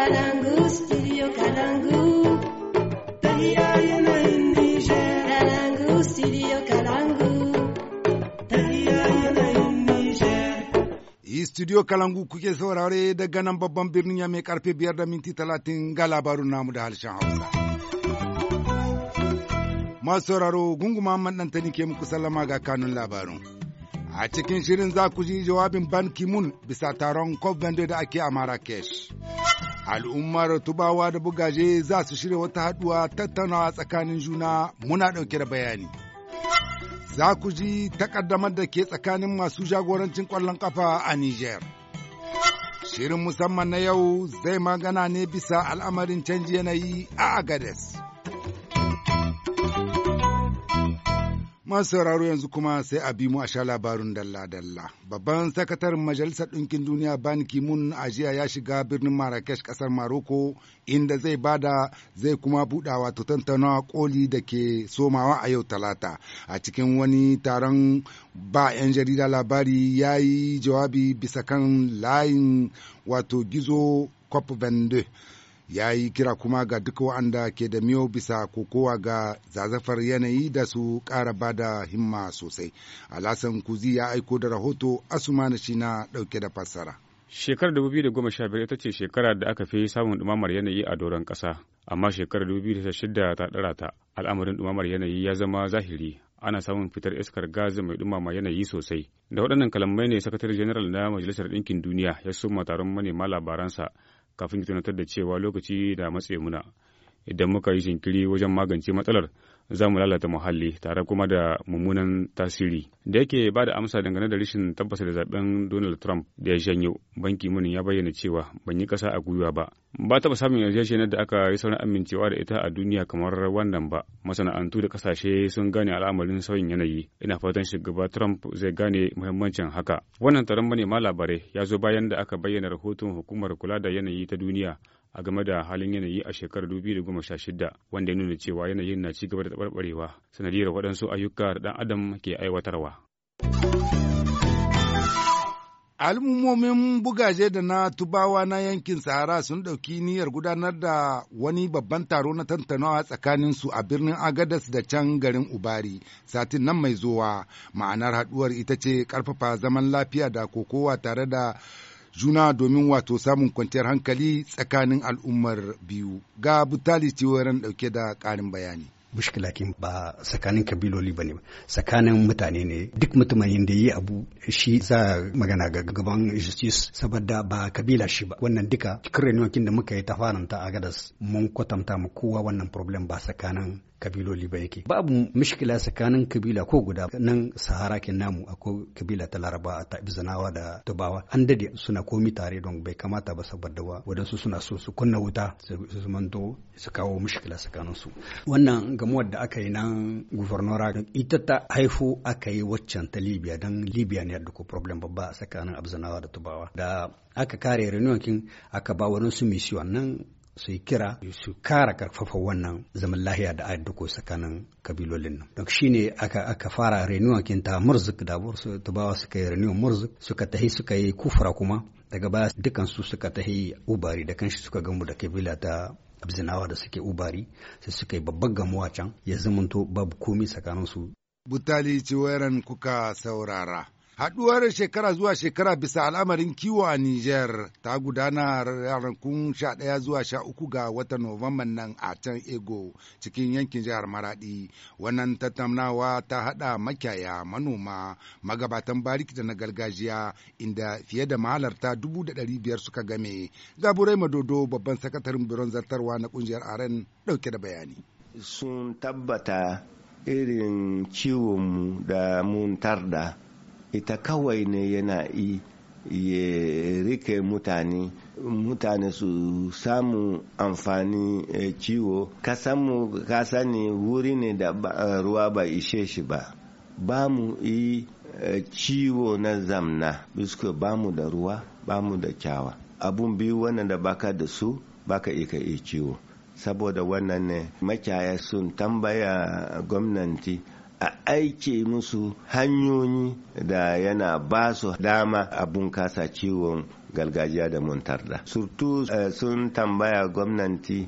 Kalangu, studio Kalangu. kuke saurare daga nan babban birnin ya mai karfe biyar da minti talatin ga labarun namu da harshen Hausa. Masu sauraro gungu Muhammad Dantani ke muku sallama ga kanun labarun. A cikin shirin za ku ji jawabin Ban Ki-moon bisa taron COP22 da ake a Marrakesh. al'ummar tubawa da bugaje za su shirya wata haɗuwa tattaunawa tsakanin juna muna ɗauke da bayani za ku ji takaddamar da ke tsakanin masu jagorancin ƙwallon ƙafa a niger shirin musamman na yau zai magana ne bisa al'amarin canji yanayi a agades Masu sauraro yanzu kuma sai a bi mu a sha labarun dalla-dalla. Babban sakataren Majalisar Ɗinkin Duniya Ban kimun ajiya ya shiga birnin Marrakesh ƙasar Maroko inda zai bada zai kuma buɗa to tantanawa koli da ke somawa a yau talata. A cikin wani taron ba 'yan jarida labari ya yi jawabi bisa kan layin wato gizo COP22. ya yi kira kuma ga duk waɗanda ke da miyo bisa ko kowa ga zazafar yanayi da su ƙara ba da himma sosai alasan kuzi ya aiko da rahoto asumana shi na ɗauke da fassara shekarar 2015 ita ce shekara da aka fi samun ɗumamar yanayi a doron ƙasa amma shekarar 2006 ta ɗara ta al'amarin dumamar yanayi ya zama zahiri ana samun fitar iskar gas mai dumama yanayi sosai da waɗannan kalamai ne sakatare general na majalisar ɗinkin duniya ya suma taron manema labaransa kafin ki tunatar da cewa lokaci da matse muna idan muka yi jinkiri wajen magance matsalar za mu lalata muhalli tare kuma da mummunan tasiri da yake ba da amsa dangane da rashin tabbasa da zaben donald trump da ya janyo banki muni ya bayyana cewa ban yi kasa a gwiwa ba ba taba samun yarjejeniyar da aka yi sauran amincewa da ita a duniya kamar wannan ba masana'antu da kasashe sun gane al'amarin sauyin yanayi ina fatan shugaba trump zai gane muhimmancin haka wannan taron manema labarai ya zo bayan da aka bayyana rahoton hukumar kula da yanayi ta duniya a game da halin yanayi a shekarar 2016 wanda ya nuna cewa yanayin na ci gaba da tabarbarewa sanadiyar waɗansu ayyuka da ɗan adam ke aiwatarwa. al'ummomin bugaje da na tubawa na yankin sahara sun ɗauki niyyar gudanar da wani babban taro na tantanawa tsakanin su a birnin agadas da can garin ubari satin nan mai zuwa ma'anar haɗuwar ita ce ƙarfafa zaman lafiya da kokowa tare da juna domin wato samun kwanciyar hankali tsakanin al'ummar biyu ga butali ciworan dauke da karin bayani. mushkilakin ba tsakanin kabiloli ba ne tsakanin mutane ne duk mutumin da yi abu shi za magana ga gaban justice saboda ba kabila shi ba wannan duka cikin da muka yi ta faranta a gadas mun kwatanta mu kowa wannan problem ba tsakanin kabiloli ba yake babu mishkila tsakanin kabila ko guda nan sahara ke namu akwai kabila ta laraba ta ibzanawa da tubawa an dade suna komi tare don bai kamata ba saboda wa wadansu suna so su kunna wuta su manto su kawo mishkila tsakanin su wannan gamuwar da aka yi nan gubernora ita ta haifu aka yi waccan ta libiya don libiya ne da ko problem babba tsakanin abzanawa da tubawa da aka kare renewal aka ba wani su misiyon nan su kira su kara karfafa wannan zaman lahiya da ko tsakanin kabilolin nan don shi ne aka fara renewal kinta murzuk da tubawa suka yi renewal murzuk suka tahi suka yi kufra kuma daga baya dukan su suka tahi ubari da kanshi suka gamu da kabila ta abzinawa da suke ubari sai suka yi babban gamuwa can ya zamanto babu komi tsakaninsu. Butali ciwaran kuka saurara. Haduwar shekara zuwa shekara bisa al'amarin kiwo a Nijar ta gudana ranakun 11 zuwa uku ga wata Nuwamban nan a can Ego cikin yankin jihar Maradi. Wannan tattaunawa ta haɗa makiyaya manoma magabatan bariki da na gargajiya inda fiye da mahalarta dubu da biyar suka game. Gaburai Madodo babban sakataren biron zartarwa na ƙungiyar Aren ɗauke da bayani. Sun tabbata irin kiwonmu da mun tarda. ita kawai ne yana yi ya rike mutane mutane su samu amfani ciwo eh, kasanmu kasani wuri ne da eh, ruwa ba ishe shi ba ba mu yi ciwo eh, na zamna bisko ba mu da ruwa ba mu da kyawa abun biyu wannan da baka da su baka ka iya ciwo saboda wannan ne makiyaya sun tambaya gwamnati aike musu hanyoyi da yana ba su dama a bunkasa ciwon gargajiya da muntarda surtu eh, sun tambaya gwamnati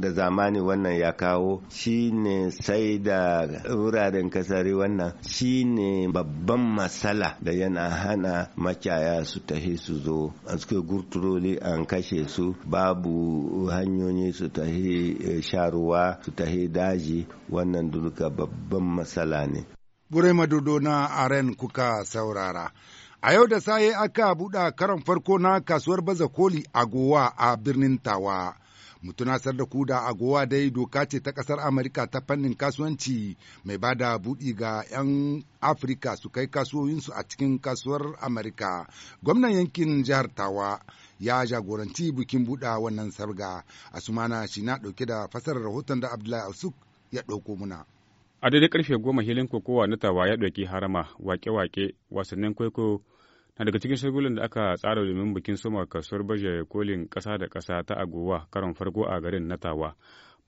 da zamani wannan ya kawo shine sai da wuraren kasari wannan shine babban matsala da yana hana makiyaya su tahi su zo a suke gurturoli an kashe su babu hanyoyi su tahi eh, sharuwa su tahi daji wannan duka babban matsala ne Bure Madodo na Aren kuka saurara. A yau da saye aka buɗa karon farko na kasuwar baza koli gowa a birnin Tawa. mutuna sar da ku da agowa dai doka ce ta ƙasar Amurka ta fannin kasuwanci mai ba da buɗi ga 'yan Afirka su kai kasuwoyinsu a cikin kasuwar Amerika. Gwamnan yankin jihar Tawa ya jagoranci bikin buɗa wannan sarga. sumana shi na ɗauke da fasar rahoton da Abdullahi Asuk ya ɗauko muna. A daidai karfe goma hilin kokowa na Tawa ya ɗauki harama, wake-wake, wasannin kwaikwayo na daga cikin shagulan da aka tsara domin bikin suma kasuwar baje kolin ƙasa da ƙasa ta agowa karon farko a garin natawa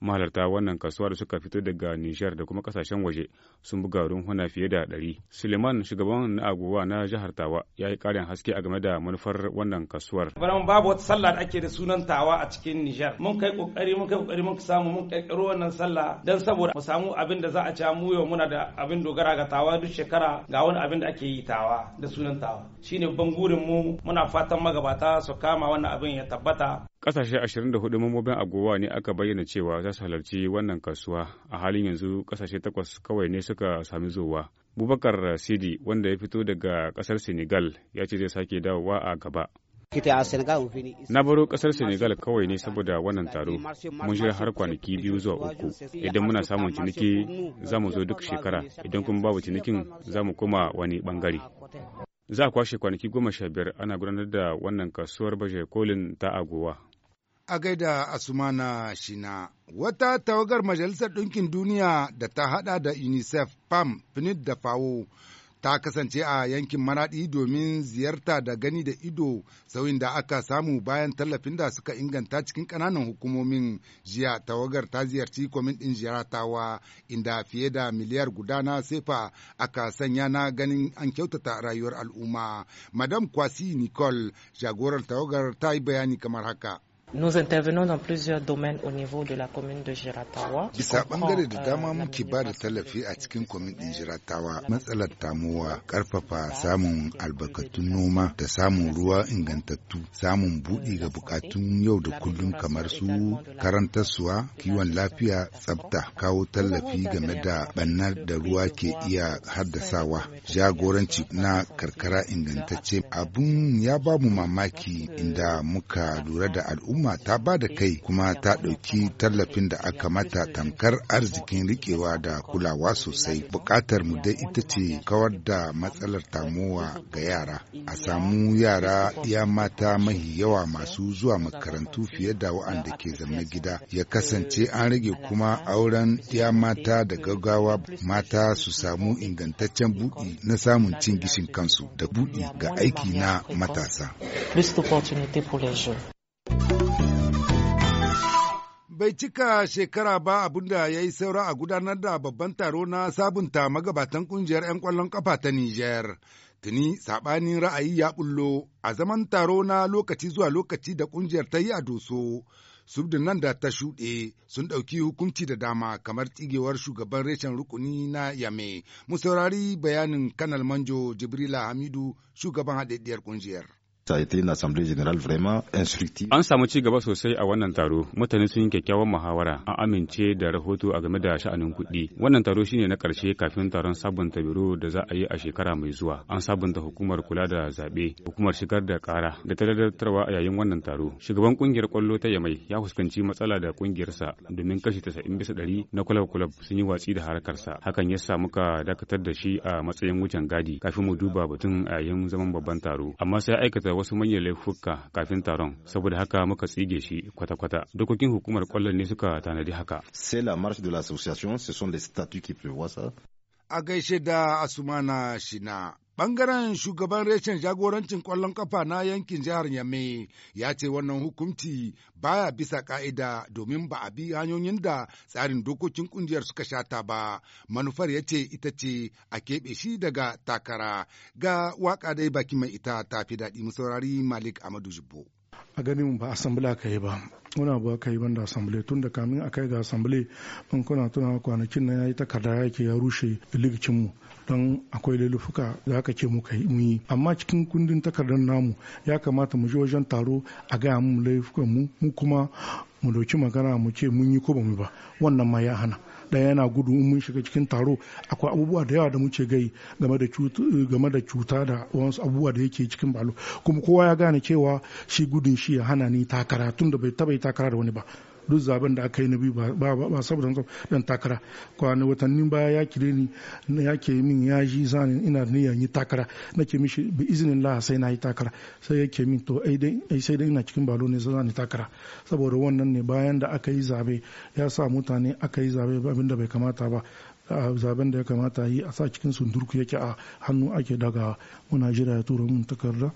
mahalarta wannan kasuwa da suka fito daga Nijar da kuma kasashen waje sun buga runhuna fiye da ɗari. Suleiman shugaban na agowa na jihar Tawa ya yi ƙarin haske a game da manufar wannan kasuwar. Baran babu wata sallah da ake da sunan Tawa a cikin Nijar. Mun kai ƙoƙari mun kai ƙoƙari mun samu mun ƙirƙiro wannan sallah dan saboda mu samu abin da za a ci mu yau muna da abin dogara ga Tawa duk shekara ga wani abin da ake yi Tawa da sunan Tawa. Shine ban mu muna fatan magabata su kama wannan abin ya tabbata. Ƙasashe 24 mambobin agowa ne aka bayyana cewa za su halarci wannan kasuwa a halin yanzu ƙasashe takwas kawai ne suka sami zuwa Bubakar Sidi wanda ya fito daga ƙasar Senegal ya ce zai sake dawowa a gaba. Na baro ƙasar Senegal kawai ne saboda wannan taro, mun shirya har kwanaki biyu zuwa uku, idan muna samun ciniki za mu zo duk shekara, idan kuma babu cinikin za mu koma wani bangare. Za a kwashe kwanaki goma sha biyar ana gudanar da wannan kasuwar baje kolin ta agowa. a gaida Asumana Shina. Wata tawagar Majalisar Ɗinkin Duniya da ta haɗa da UNICEF, PAM, finit da FAO ta kasance a yankin Maraɗi domin ziyarta da gani da ido sauyin da aka samu bayan tallafin da suka inganta cikin ƙananan hukumomin jiya tawagar ta ziyarci kwamin ɗin jiratawa inda fiye da miliyar guda na sefa aka sanya na ganin an kyautata rayuwar al'umma. Madam Kwasi Nicole jagorar tawagar ta yi bayani kamar haka. Nous intervenons dans plusieurs domaines au niveau de la commune de Jiratawa. Bisa bangare da euh, dama muke ba da tallafi a cikin kwamin din Jiratawa matsalar tamuwa, karfafa samun albarkatun noma da samun ruwa ingantattu, samun budi ga bukatun yau da kullum kamar su karantarsuwa, kiwon lafiya, tsafta, kawo tallafi game da bannar da ruwa ke iya haddasawa, jagoranci na karkara ingantacce. Abun ya ba mu mamaki inda muka lura da al'umma al'umma ta ba da kai kuma ta ɗauki tallafin da aka mata tamkar arzikin riƙewa da kulawa sosai. Buƙatar mu dai ita ce kawar da matsalar tamowa ga yara. A samu yara ya mata mahi yawa masu zuwa makarantu fiye da wa'anda ke zama gida ya kasance an rage kuma auren ya mata da gaggawa mata su samu ingantaccen buɗi na samun cin gishin kansu da buɗi ga aiki na matasa. bai cika shekara ba abinda ya yi saura a gudanar da babban taro na sabunta magabatan kungiyar 'yan kwallon kafa ta Nijar. Tuni saɓanin ra'ayi ya bullo a zaman taro na lokaci zuwa lokaci da kungiyar ta yi a doso. Subdin nan da ta shuɗe sun ɗauki hukunci da dama kamar tsigewar shugaban reshen rukuni na Yame. Mu saurari bayanin Kanal Manjo Jibrila Hamidu shugaban haɗaɗɗiyar kungiyar. ta yi été assemblée générale vraiment instructive. An samu ci gaba sosai a wannan taro, mutane sun yi kyakkyawan muhawara, an amince da rahoto a game da sha'anin kuɗi. Wannan taro shine na ƙarshe kafin taron sabunta biro da za a yi a shekara mai zuwa. An sabunta hukumar kula da zaɓe, hukumar shigar da ƙara da ta dadartarwa a yayin wannan taro. Shugaban ƙungiyar ƙwallo ta Yamai ya fuskanci matsala da ƙungiyarsa domin kashi tasa'in bisa ɗari na kulab-kulab sun yi watsi da harkarsa. Hakan ya sa muka dakatar da shi a matsayin wucin gadi kafin mu duba batun a yayin zaman babban taro. Amma sai aikata wasu manyan laifuka kafin taron saboda haka muka tsige shi kwata-kwata dokokin hukumar kwallon ne suka tanadi haka c'est la marche de l'association ce sont les statuts qui prévoient ça a gaishe da asumana shina Ɓangaren shugaban reshen jagorancin ƙwallon ƙafa na yankin jihar Yamme ya ce wannan hukunci baya bisa ƙa'ida domin ba a bi hanyoyin da tsarin dokokin ƙungiyar suka shata ba. Manufar ya ce ita ce a keɓe shi daga takara ga waka dai baki mai ita ta fi daɗi musaurari saurari Malik Amadu Jibbo. a ganin ba asambila ka yi ba wani abu ka yi da asambile tun da kamin a kai ga asambile in kuna tuna kwanakin na ya yi takarda yake ya rushe ligicinmu don akwai laifuka da aka ce muka yi amma cikin kundin takardar namu ya kamata mu je wajen taro a gaya mu laifukan mu mu kuma mu dauki magana mu ce mun yi ko ba mu ba wannan ma ya hana ɗaya yana gudu in mun shiga cikin taro akwai abubuwa da yawa da muke gai game da game da cuta da wasu abubuwa da yake cikin balo kuma kowa ya gane cewa shi gudun shi ya hana ni takara tun da bai taba yi takara da wani ba duk zaben da aka yi na biyu ba saboda dan takara kwana watannin baya ya kire ni ya ke min ya ji zanen ina niyan yi takara nake mishi bi izinin la sai na yi takara sai ke min to ai sai dai ina cikin balo ne zan takara saboda wannan ne bayan da aka yi zabe ya sa mutane aka yi zabe abinda bai kamata ba zaben da ya kamata yi a sa cikin sundurku yake a hannu ake daga muna jira ya tura mun takarda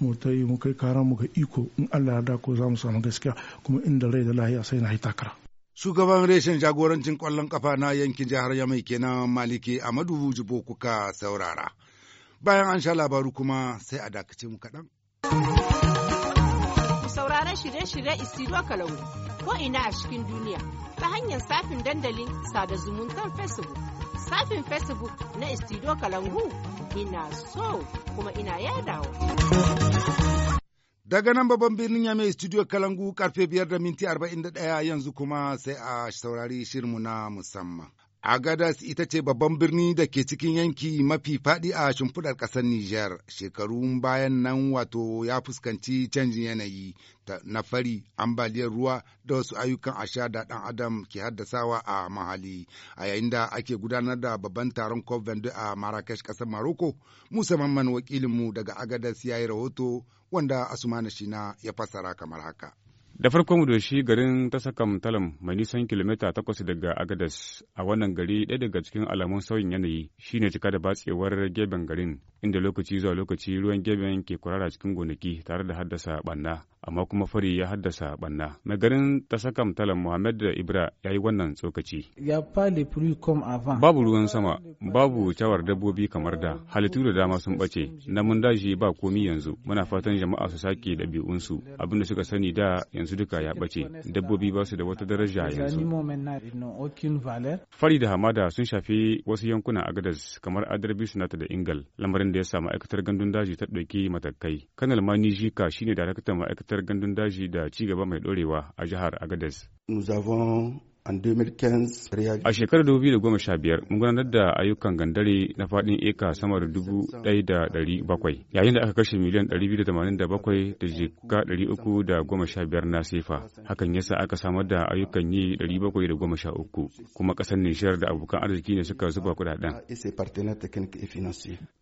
mu ta yi mu kai kara mu ga iko in Allah ya dako za mu samu gaskiya kuma inda rai da lahiya sai na yi takara. Shugaban reshen jagorancin kwallon kafa na yankin jihar Yamai kenan Maliki Amadu Jibo kuka saurara. Bayan an sha labaru kuma sai a dakace mu kaɗan. sauran shirye-shirye Isiro Kalangu ko ina a cikin duniya ta hanyar safin dandalin sada zumuntar Facebook. Safin Facebook na Isiro Kalangu ina so kuma ina yadawa. Daga nan babban birnin ya mai studio Kalangu karfe biyar da minti arba'in yanzu kuma sai a saurari shirmu na musamman. Agadas ita ce babban birni da ke cikin yanki mafi faɗi a shimfiɗar ƙasar Nijar. Shekarun bayan nan wato ya fuskanci canjin yanayi na fari, ambaliyar ruwa da wasu ayyukan asha da ɗan adam ke haddasawa a mahali. A yayin da ake gudanar da babban taron cop a Marrakesh ƙasar Maroko, Musa Mamman wakilinmu daga Agadas ya yi rahoto wanda Asumana Shina ya fassara kamar haka. Da farko mu doshi garin ta sakam talam mai nisan kilomita takwas daga Agadas a wannan gari ɗaya daga cikin alamun sauyin yanayi shine cika da batsewar geben garin inda lokaci zuwa lokaci ruwan geben ke kurara cikin gonaki tare da haddasa ɓanna. amma kuma fari ya haddasa banna na garin tasakam talan muhammad da ibra ya yi wannan tsokaci babu ruwan sama babu cawar dabbobi kamar da halittu da dama sun bace na mun dashi ba komi yanzu muna fatan jama'a su sake ɗabi'unsu abinda suka sani da yanzu duka ya bace dabbobi ba su da wata daraja yanzu fari da hamada sun shafi wasu yankuna gadas kamar adarbi ta da ingal lamarin da ya sa ma'aikatar gandun daji ta ɗauki matakai kanal manijika shine daraktan ma'aikatar gandun daji da ci gaba mai ɗorewa a jihar Agadez. Nous avons A shekarar 2015 mun gudanar da ayyukan gandare na faɗin eka sama da 1,700 yayin da aka kashe miliyan 287 da jika 315 na sefa. Hakan yasa aka samar da ayyukan yi 713 kuma ƙasar Nishiyar da abokan arziki ne suka zuba kuɗaɗen.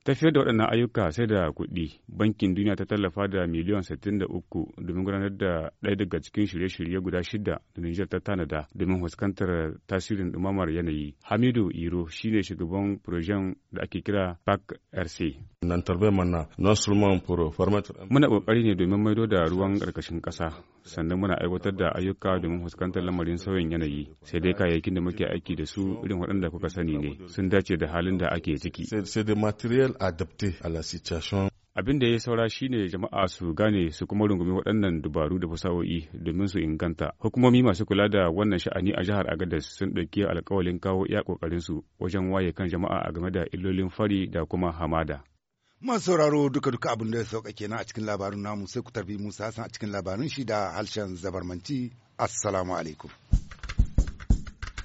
Tafiyar da waɗannan ayyuka sai da kuɗi. Bankin Duniya ta tallafa da miliyan 63 domin gudanar da ɗaya daga cikin shirye-shirye guda shida da Nijar ta tanada domin fuskantar tasirin ɗumamar yanayi. Hamidu Iro shine shugaban projen da ake kira park RC. Nan tarbe mana non seulement pour permettre Muna kokari ne domin maido da ruwan ƙarƙashin ƙasa sannan muna aiwatar da ayyuka domin fuskantar lamarin sauyin yanayi sai dai kayayyakin da muke aiki da su irin waɗanda kuka sani ne sun dace da halin da ake ciki. C'est des matériels adaptés à la situation abin da ya saura shine jama'a su gane su kuma rungumi waɗannan dubaru da fasahohi domin su inganta hukumomi masu kula da wannan sha'ani a jihar agadas sun ɗauki alkawalin kawo iya ƙoƙarin su wajen waye kan jama'a a game da illolin fari da kuma hamada masu sauraro duka duka abin da ya sauka kenan a cikin labarin namu sai ku tarbi musa hassan a cikin labarin shi da harshen zabarmanci assalamu alaikum